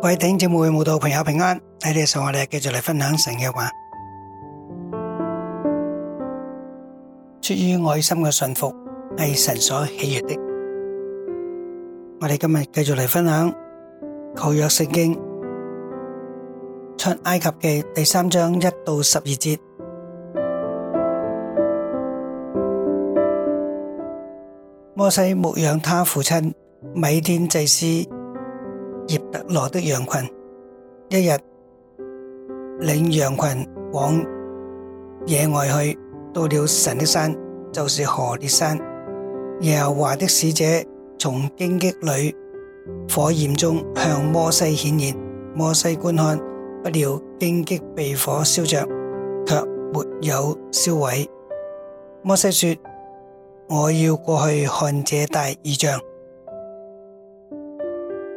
各位弟兄姊妹、慕道朋友平安，喺呢度我哋繼續嚟分享神嘅話。出於愛心嘅信服，係神所喜悅的。我哋今日繼續嚟分享舊約聖經出埃及記第三章一到十二節。摩西牧養，他父親米甸祭司。葉特羅的羊群，一日領羊群往野外去，到了神的山，就是何烈山。耶和華的使者從荊棘裏火焰中向摩西顯現，摩西觀看，不料荊棘被火燒着，卻沒有燒毀。摩西說：“我要過去看這大異象。”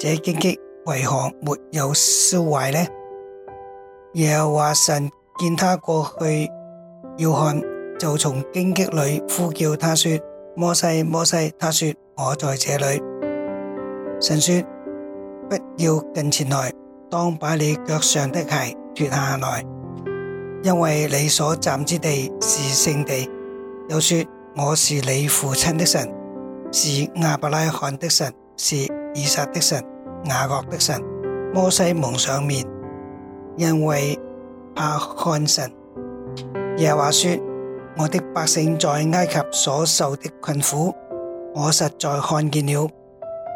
這荊棘為何沒有燒壞呢？耶和華神見他過去要看，就從荊棘裏呼叫他說：摩西，摩西！他說：我在這裏。神說：不要近前來，當把你腳上的鞋脱下來，因為你所站之地是聖地。又說：我是你父親的神，是亞伯拉罕的神，是以撒的神。雅各的神摩西蒙上面，因為怕看神。耶話說：我的百姓在埃及所受的困苦，我實在看見了；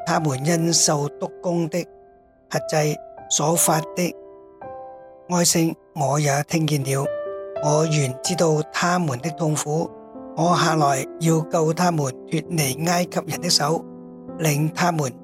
他們因受督工的轄制所發的哀聲，我也聽見了。我原知道他們的痛苦，我下來要救他們脱離埃及人的手，領他們。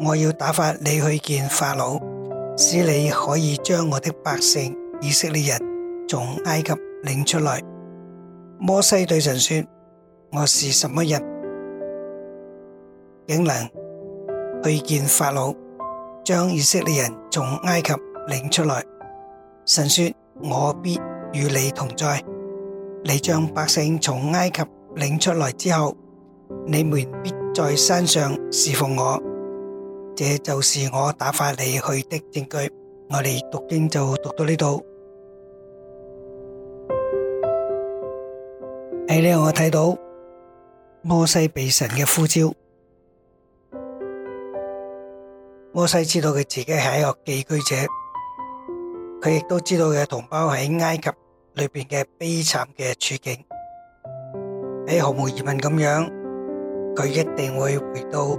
我要打發你去見法老，使你可以將我的百姓以色列人從埃及領出來。摩西對神說：我是什麼人，竟能去見法老，將以色列人從埃及領出來？神說：我必與你同在。你將百姓從埃及領出來之後，你們必在山上侍奉我。這就是我打發你去的證據。我哋讀經就讀到呢度。喺呢度，我睇到摩西被神嘅呼召。摩西知道佢自己係一個寄居者，佢亦都知道佢嘅同胞喺埃及裏邊嘅悲慘嘅處境。喺毫無疑問咁樣，佢一定會回到。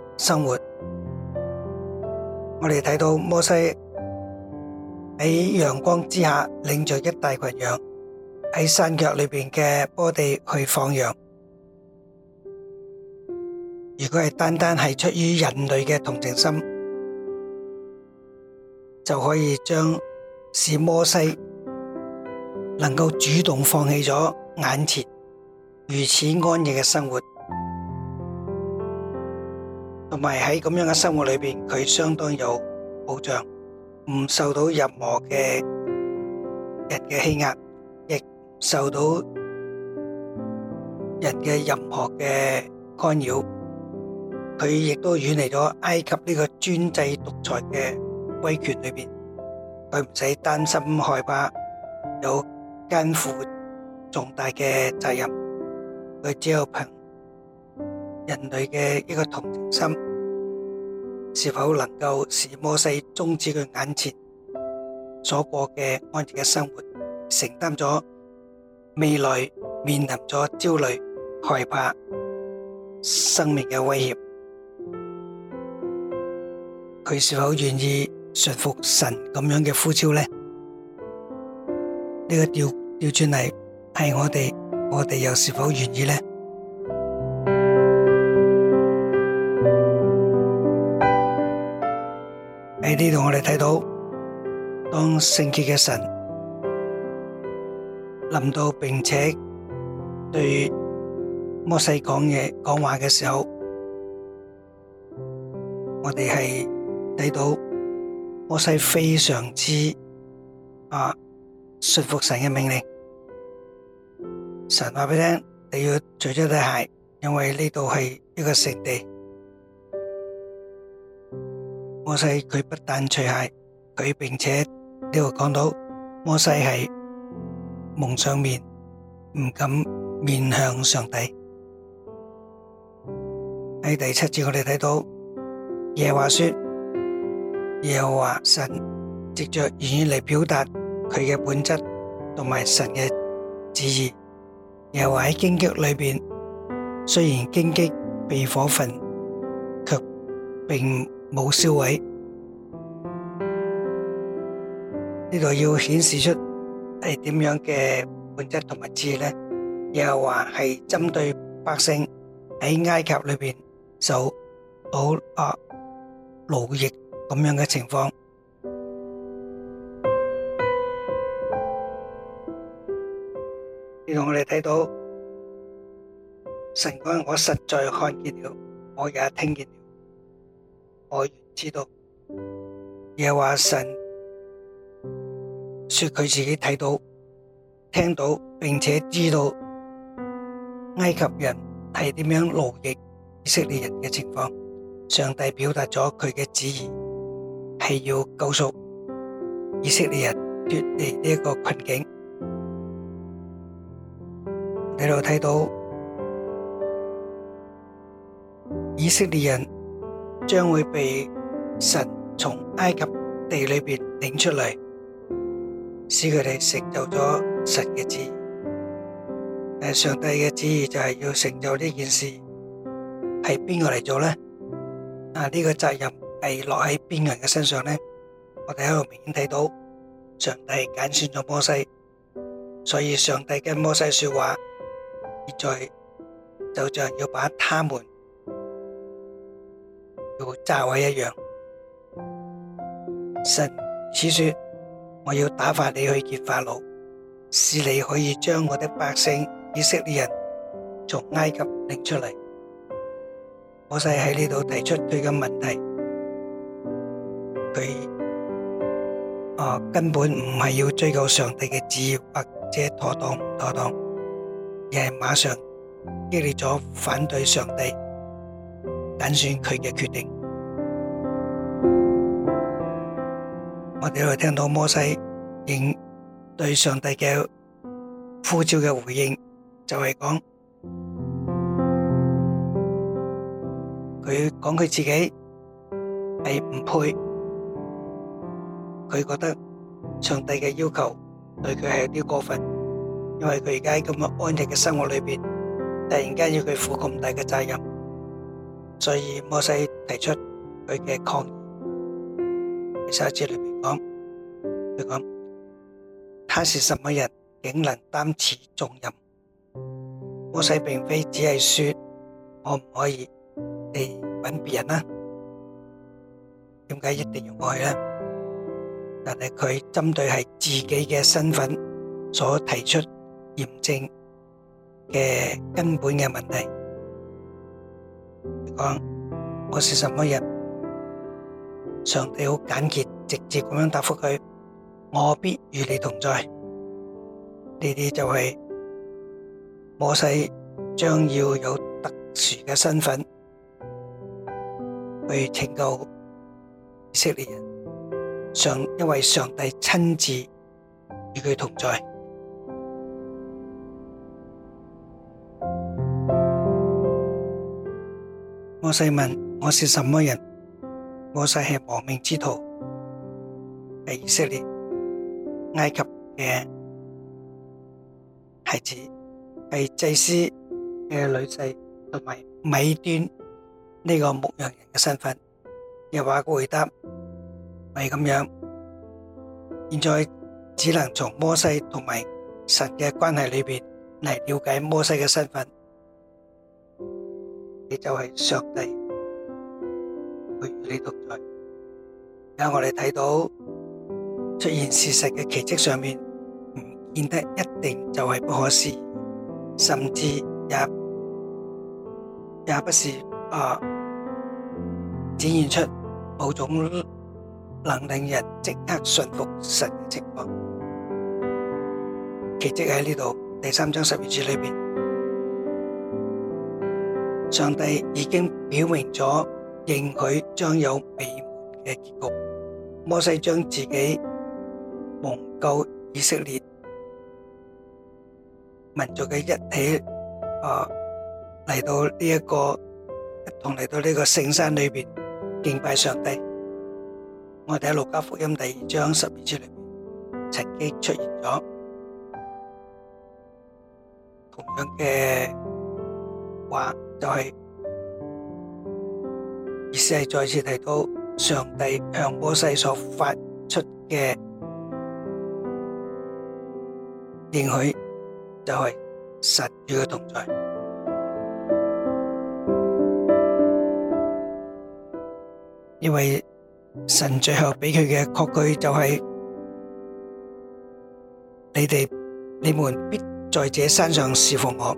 生活，我哋睇到摩西喺陽光之下領着一大群羊喺山腳裏邊嘅坡地去放羊。如果係單單係出於人類嘅同情心，就可以將使摩西能夠主動放棄咗眼前如此安逸嘅生活。同埋喺咁樣嘅生活裏邊，佢相當有保障，唔受到任何嘅人嘅欺壓，亦唔受到人嘅任何嘅干擾。佢亦都遠離咗埃及呢個專制獨裁嘅威權裏邊，佢唔使擔心害怕有肩負重大嘅責任。佢只有憑人類嘅一個同情心。是否能夠使摩西終止佢眼前所過嘅安逸嘅生活，承擔咗未來面臨咗焦慮、害怕、生命嘅威脅？佢是否願意順服神咁樣嘅呼召呢？呢個調調轉嚟係我哋，我哋又是否願意呢？喺呢度我哋睇到，當聖潔嘅神臨到，並且對摩西講嘢講話嘅時候，我哋係睇到摩西非常之啊說服神嘅命令。神話俾你聽，你要除咗對鞋，因為呢度係一個聖地。摩西佢不但除鞋，佢並且呢度講到摩西係蒙上面，唔敢面向上帝。喺第七節我哋睇到耶和華說，耶和華神藉著言語嚟表達佢嘅本質同埋神嘅旨意。耶和華喺荊棘裏邊，雖然荊棘被火焚，卻並。冇銷毀，呢度要顯示出係點樣嘅本質同埋智慧，又話係針對百姓喺埃及裏邊受奴壓奴役咁樣嘅情況。呢度我哋睇到神講，我實在看見了，我也聽見了。我知道，耶和華神說佢自己睇到、聽到，並且知道埃及人係點樣奴役以色列人嘅情況。上帝表達咗佢嘅旨意，係要告訴以色列人脫離呢一個困境。你又睇到以色列人。將會被神從埃及地裏邊領出嚟，使佢哋成就咗神嘅旨意。誒，上帝嘅旨意就係要成就呢件事，係邊個嚟做呢？啊，呢個責任係落喺邊人嘅身上呢？我哋喺度明顯睇到，上帝揀選咗摩西，所以上帝跟摩西說話，現在就像要把他們。炸毀一樣。神此說：我要打發你去見法老，使你可以將我的百姓以色列人從埃及領出嚟。摩西喺呢度提出佢嘅問題，佢啊根本唔係要追究上帝嘅旨意或者妥當唔妥當，而係馬上激烈咗反對上帝。揀選佢嘅決定，我哋會聽到摩西應對上帝嘅呼召嘅回應，就係講佢講佢自己係唔配，佢覺得上帝嘅要求對佢係有啲過分，因為佢而家喺咁嘅安定嘅生活裏面，突然間要佢負咁大嘅責任。所以摩西提出佢嘅抗議，細字裏面講，佢講，他是什麼人，竟能擔此重任？摩西並非只係說可唔可以嚟搵別人啊？點解一定要我去呢？但係佢針對係自己嘅身份所提出驗證嘅根本嘅問題。講我是什麼人？上帝好簡潔直接咁樣答復佢，我必與你同在。呢啲就係摩西將要有特殊嘅身份去拯救以色列人，上因為上帝親自與佢同在。摩西問，我是什麼人？摩西係亡命之徒，係以色列、埃及嘅孩子，係祭司嘅女婿，同埋米端呢個牧羊人嘅身份。又話回答唔係咁樣，現在只能從摩西同埋神嘅關係裏邊嚟了解摩西嘅身份。你就係上帝，佢與你獨在。而家我哋睇到出現事實嘅奇蹟上面，唔見得一定就係不可思議，甚至也也不是啊，展現出某種能令人即刻信服神嘅情況。奇蹟喺呢度第三章十二節裏面。上帝已經表明咗，應許將有美滿嘅結局。摩西將自己蒙救以色列民族嘅一起，誒嚟到呢一個，同嚟到呢個聖山裏面敬拜上帝。我哋喺路加福音第二章十二節裏面，曾經出現咗同樣嘅話。就係、是，意思係再次提到上帝向摩西所發出嘅，應許就係神與嘅同在，因為神最後俾佢嘅確據就係、是，你哋你們必在這山上侍奉我。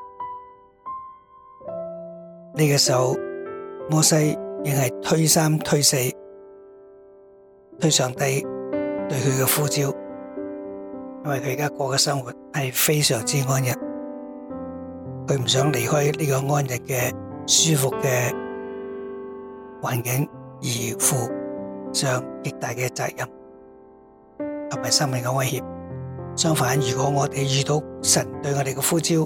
呢個時候，摩西亦係推三推四，推上帝對佢嘅呼召，因為佢而家過嘅生活係非常之安逸，佢唔想離開呢個安逸嘅舒服嘅環境而負上極大嘅責任，同埋生命嘅威脅。相反，如果我哋遇到神對我哋嘅呼召，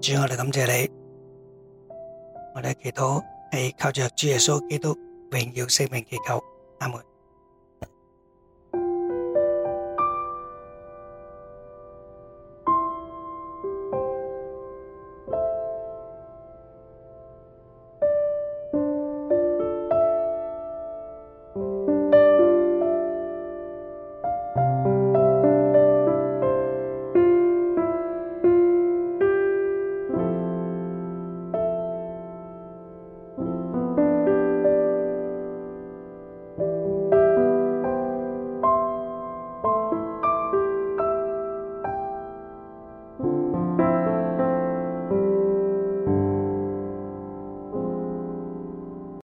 主，我哋感謝你，我哋祈禱係靠着主耶穌基督榮耀聖名祈求，阿門。